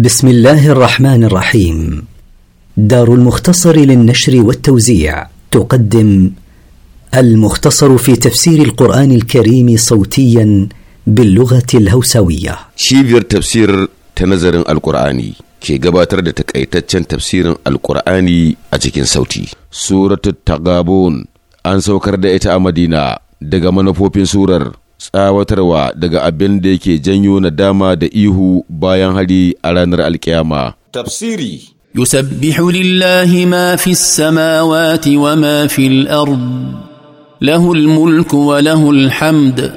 بسم الله الرحمن الرحيم دار المختصر للنشر والتوزيع تقدم المختصر في تفسير القرآن الكريم صوتيا باللغة الهوسوية شيفير تفسير تنظر القرآني كي قباتر da takaitaccen tafsirin alkur'ani a cikin sauti. Suratul Tagabun an saukar da ita a Madina daga tsawatarwa daga abin da yake janyo nadama da ihu bayan hari a ranar alkiyama. Tafsiri fi samawati wa ma fi وما Lahul mulku wa lahul hamd,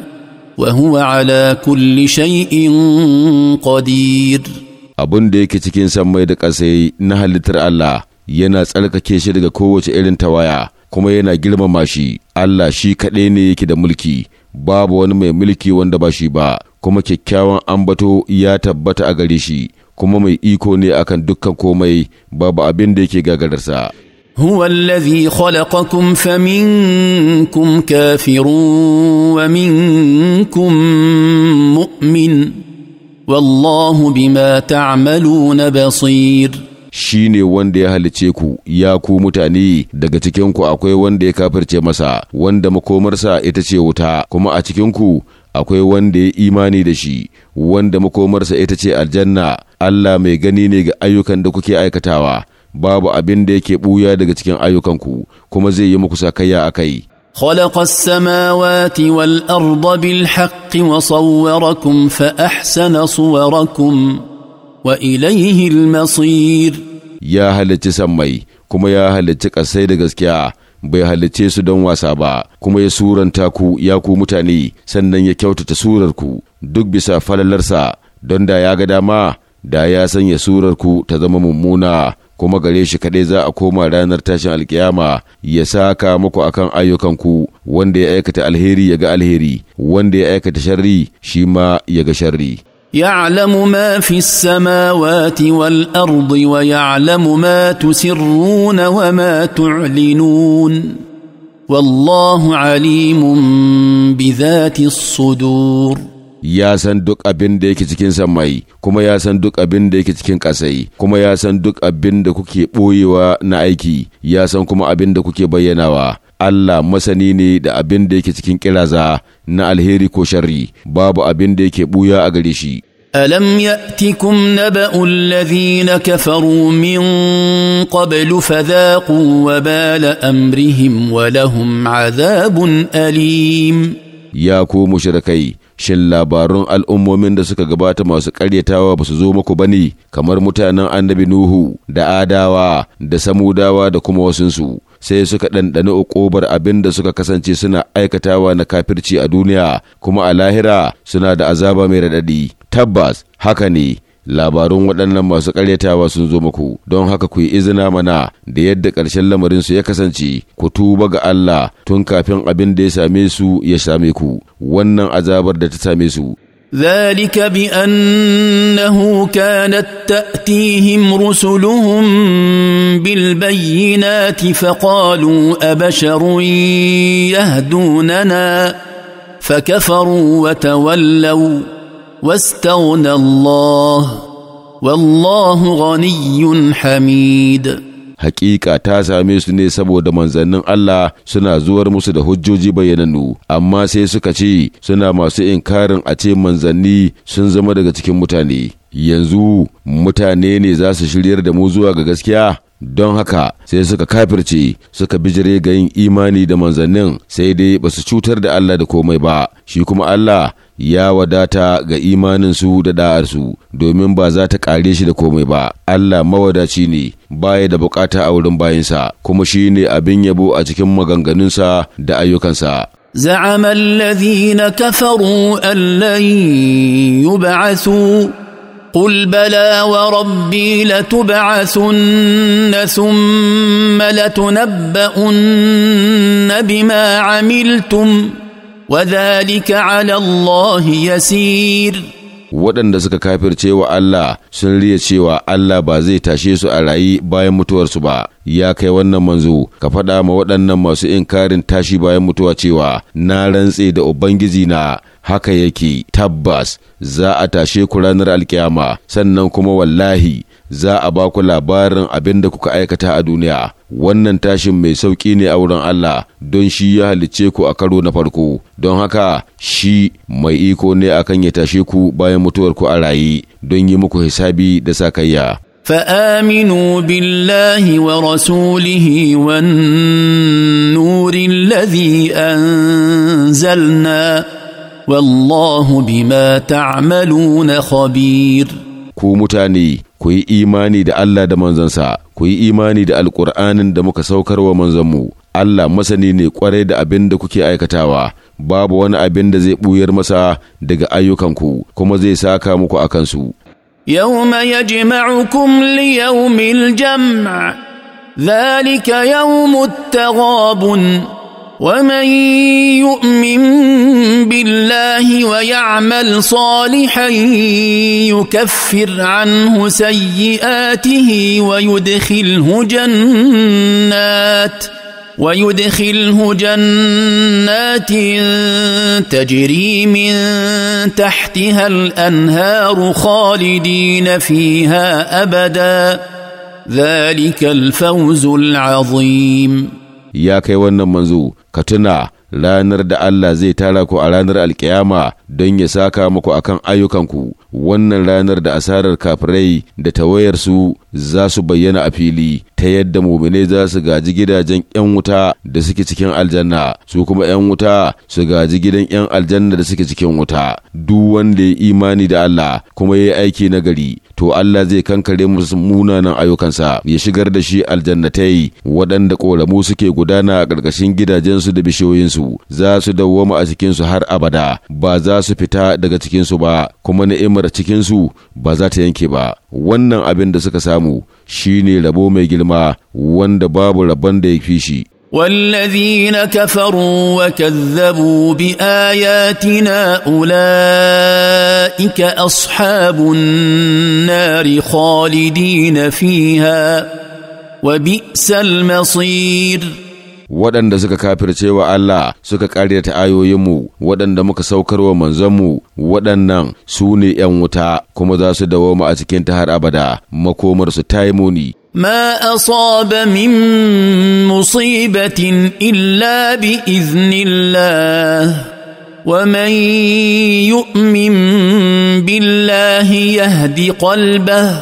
wa huwa ala kulli shay'in qadir. abin da yake cikin samai da ƙasai na halittar Allah yana tsarkake shi daga kowace irin tawaya kuma yana girmama shi Allah shi kaɗai ne yake da mulki babu wani mai mulki wanda ba shi ba kuma kyakkyawan ambato ya tabbata a gare shi kuma mai iko ne akan dukkan komai babu abin da yake gagararsa هو الذي خلقكم فمنكم كافر ومنكم مؤمن والله بما تعملون basir. shi ne wanda ya halice ku ya ku mutane daga cikinku akwai wanda ya kafirce masa wanda makomarsa ita ce wuta kuma a cikinku akwai wanda ya imani da shi wanda makomarsa ita ce aljanna Allah mai gani ne ga ayyukan da kuke aikatawa babu abin da yake buya daga cikin ayyukanku kuma zai yi muku sakayya a kai خلق السماوات والأرض بالحق وصوركم فأحسن صوركم wa masir ya يا sammai kuma ya halicci ƙasai da gaskiya bai halicce su don wasa ba kuma ya suranta ku ya ku mutane sannan ya kyautata surar ku duk bisa falalarsa don da ya ga dama da ya sanya surar ku ta zama mummuna kuma gare shi kaɗai za a koma ranar tashin alkiyama ya saka muku akan ayyukanku wanda ya aikata alheri ya ga alheri wanda ya aikata sharri shi ma ya ga sharri يعلم ما في السماوات والارض ويعلم ما تسرون وما تعلنون والله عليم بذات الصدور ya san duk abin da cikin samai kuma ya san duk abin da cikin ƙasai kuma ya san duk abin da kuke ɓoyewa na aiki ya san kuma abin da kuke bayyanawa Allah masani ne da abin da yake cikin kiraza na alheri ko sharri babu abin da yake buya a gare shi الم ياتكم نبا الذين كفروا من قبل فذاقوا وبال امرهم ولهم عذاب اليم يا ku mushrikai shin labarun al'ummomin da suka gabata masu karyatawa ba su zo muku bane kamar mutanen annabi nuhu da adawa da samudawa da kuma wasunsu sai suka ɗanɗani uƙobar abin da suka kasance suna aikatawa na kafirci a duniya kuma a lahira suna da azaba mai raɗaɗi tabbas haka ne labarun waɗannan masu ƙaryatawa sun zo muku don haka ku yi izina mana da yadda ƙarshen lamarinsu ya kasance ku tuba ga Allah tun kafin abin da ya same su ya same ku wannan azabar da ta same su ذلك بانه كانت تاتيهم رسلهم بالبينات فقالوا ابشر يهدوننا فكفروا وتولوا واستغنى الله والله غني حميد hakika ta same su ne saboda manzannin Allah suna zuwar musu da hujjoji bayyanannu amma sai suka ce suna masu inkarin a ce manzanni sun zama daga cikin mutane yanzu mutane ne za su shiryar da mu zuwa ga gaskiya don haka sai suka kafirce suka bijire ga yin imani da manzannin sai dai ba su cutar da Allah da komai ba shi kuma Allah ya wadata ga imaninsu da da'arsu domin ba za ta kare shi da komai ba Allah mawadaci ne baya da bukata a wurin bayansa, kuma shi ne abin yabo a cikin maganganunsa da ayyukansa زعم الذين كفروا أن لن يبعثوا قل بلى وربي لتبعثن ثم لتنبؤن بما عملتم وذلك على الله يسير waɗanda suka kafirce wa Allah sun riya cewa Allah ba zai tashe su a rayi bayan mutuwarsu ba ya kai wannan manzo ka faɗa ma waɗannan masu inkarin tashi bayan mutuwa cewa na rantse da ubangiji na haka yake tabbas za a tashe ku ranar alkiyama sannan kuma wallahi za a ba ku labarin abin da kuka aikata a duniya wannan tashin mai sauƙi ne a wurin Allah don shi ya halicce ku a karo na farko don haka shi mai iko ne akan ya tashe ku bayan mutuwar ku a raye don yi muku hisabi da sakayya فآمنوا بالله ورسوله والنور الذي أنزلنا والله بما تعملون خبير ku mutane ku yi imani da Allah da manzansa ku yi imani da alƙur'anin da muka saukar wa manzanmu Allah masani ne kwarai da abin da kuke aikatawa babu wani abin da zai ɓuyar masa daga ayyukanku kuma zai saka muku a kansu يوم يجمعكم ليوم الجمع ذلك يوم التغابن ومن يؤمن بالله ويعمل صالحا يكفر عنه سيئاته ويدخله جنات ويدخله جنات تجري من تحتها الانهار خالدين فيها ابدا ذلك الفوز العظيم ya kai wannan manzo ka tuna ranar da Allah zai tara ku a ranar alkiyama don ya saka muku akan ayyukanku wannan ranar da asarar kafirai da tawayar su. za su bayyana a fili ta yadda muminai za su gaji gidajen 'yan wuta da suke cikin aljanna su kuma 'yan wuta su gaji gidan 'yan aljanna da suke cikin wuta duk wanda ya imani da Allah kuma ya yi aiki na gari to Allah zai kankare musu munanan ayyukansa ya shigar da shi aljannatai waɗanda ƙoramu suke gudana a ƙarƙashin gidajensu da bishiyoyinsu za su dawwama a cikinsu har abada ba za su fita daga cikinsu ba kuma ni'imar cikinsu ba za ta yanke ba wannan abin da suka samu shine rabo mai girma wanda babu rabon da ya fi shi والذين كفروا وكذبوا باياتنا اولئك اصحاب النار خالدين فيها وبئس المصير waɗanda suka kafirce wa Allah suka ƙaryata ayoyinmu waɗanda muka saukar wa manzanmu waɗannan su ne ‘yan wuta kuma za su mu a cikin ta har abada makomarsu ta yi muni. ما اصاب من مصيبه الا باذن الله ومن يؤمن بالله يهد قلبه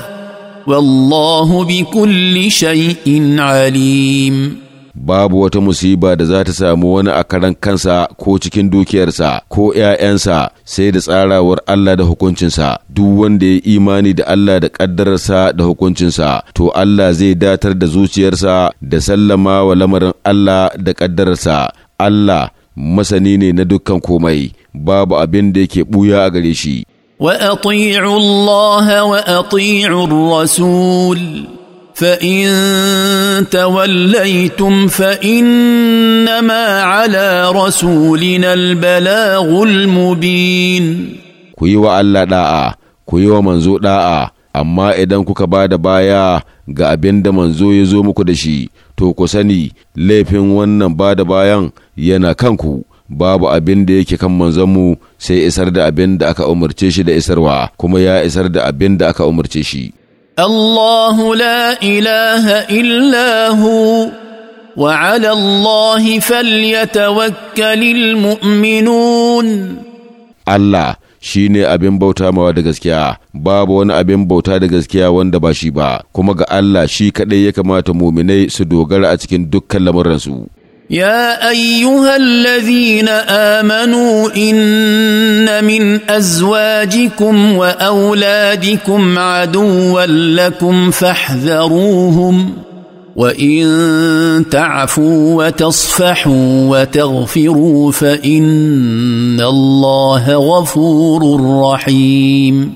والله بكل شيء عليم babu wata musiba da za ta samu wani a karan kansa ko cikin dukiyarsa ko ‘ya'yansa sai da tsarawar Allah da hukuncinsa duk wanda ya imani da Allah da ƙaddararsa da hukuncinsa to Allah zai datar da zuciyarsa da sallama wa lamarin Allah da ƙaddararsa Allah masani ne na dukkan komai babu abin da yake ɓuya a gare shi. wa الله rasul فان توليتم فانما على رسولنا البلاغ المبين ku yi wa Allah ɗa'a, ku yi wa manzo ɗa'a, amma idan kuka ba da baya ga abin da manzo ya zo muku da shi to ku sani laifin wannan ba da bayan yana kanku babu abin da yake kan mu sai isar da abin da aka umarce shi da isarwa kuma ya isar da abin da aka umarce shi الله لا إله إلا هو وعلى الله فليتوكل المؤمنون الله shi ne abin bauta mawa da gaskiya babu wani abin bauta da gaskiya wanda ba shi ba kuma ga Allah shi kaɗai ya kamata muminai su dogara a cikin dukkan lamuransu. يا ايها الذين امنوا ان من ازواجكم واولادكم عدوا لكم فاحذروهم وان تعفوا وتصفحوا وتغفروا فان الله غفور رحيم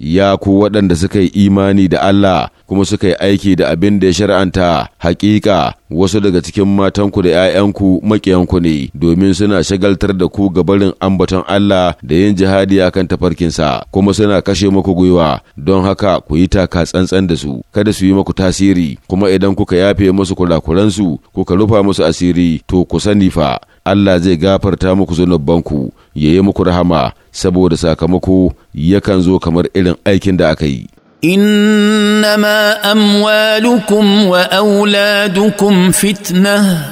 يا قوه da suka yi imani da Allah kuma suka yi aiki da abin da ya shar'anta hakika wasu daga cikin matanku da 'ya'yanku maƙiyanku ne domin suna shagaltar da ku gabarin ambaton Allah da yin jihadi akan tafarkinsa kuma suna kashe muku gwiwa don haka ku yi taka tsantsan da su kada su yi muku tasiri kuma idan kuka yafe musu kurakuransu kuka rufa musu asiri to ku sani fa Allah zai gafarta muku zunubanku ya yi muku rahama saboda sakamako yakan zo kamar irin aikin da aka yi. انما اموالكم واولادكم فتنه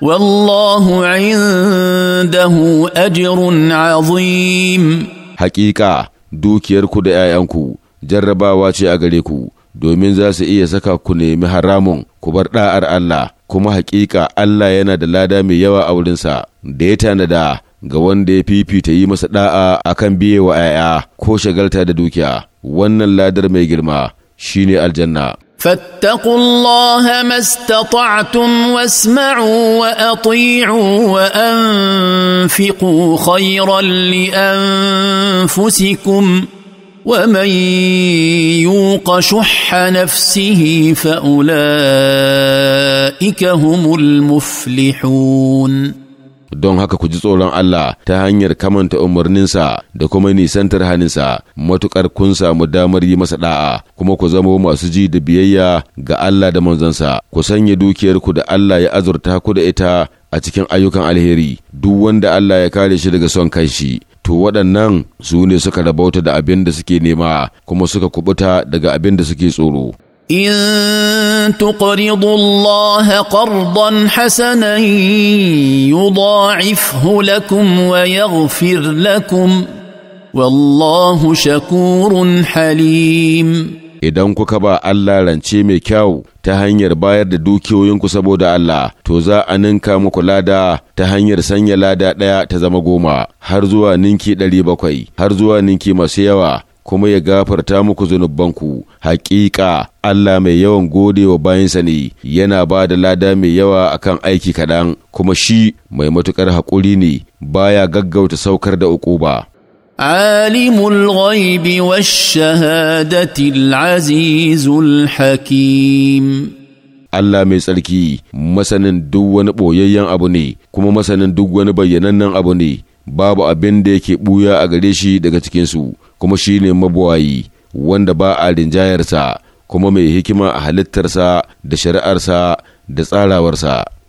والله عنده اجر عظيم حقيقه dukiyarku da 'ya'yanku jarrabawa ce a gare ku domin za su iya saka ku nemi haramun ku bar da'ar Allah kuma hakika Allah yana da lada mai yawa a wurinsa da ya tanada ga wanda ya fifita yi masa da'a akan biye wa 'ya'ya ko shagalta da dukiya wannan ladar mai girma shine aljanna فاتقوا الله ما استطعتم واسمعوا واطيعوا وانفقوا خيرا لانفسكم ومن يوق شح نفسه فاولئك هم المفلحون don haka ku ji tsoron Allah ta hanyar kamanta umarninsa da kuma nisantar haninsa matukar kun samu damar yi masa da'a kuma ku zama masu ji da biyayya ga Allah da manzansa ku sanya dukiyarku da Allah ya azurta ku da ita a cikin ayyukan alheri duk wanda Allah ya kare shi daga son kanshi to waɗannan su ne suka rabauta da abin da suke nema kuma suka kubuta daga abin da suke tsoro ان تقرضوا الله قرضا حسنا يضاعفه لكم ويغفر لكم والله شكور حليم idan kuka ba Allah rance mai kyau ta hanyar bayar da dukiyoyinku saboda Allah, to za a ninka muku lada ta hanyar sanya lada ɗaya ta zama goma, har zuwa ninki ɗari bakwai, har zuwa ninki masu yawa, kuma ya gafarta muku zunubanku haƙiƙa Allah mai yawan gode wa bayansa ne yana ba da lada mai yawa akan aiki kaɗan kuma shi mai matuƙar haƙuri ne baya gaggauta saukar da uku alimul عالم الغيب والشهادة العزيز الحكيم Allah mai tsarki masanin duk wani ɓoyayyen abu ne kuma masanin duk wani bayyanannen abu ne babu abin da yake buya a gare shi daga cikinsu kuma shi ne mabuwayi wanda ba a rinjayarsa kuma mai hikima a halittarsa da shari'arsa da tsarawarsa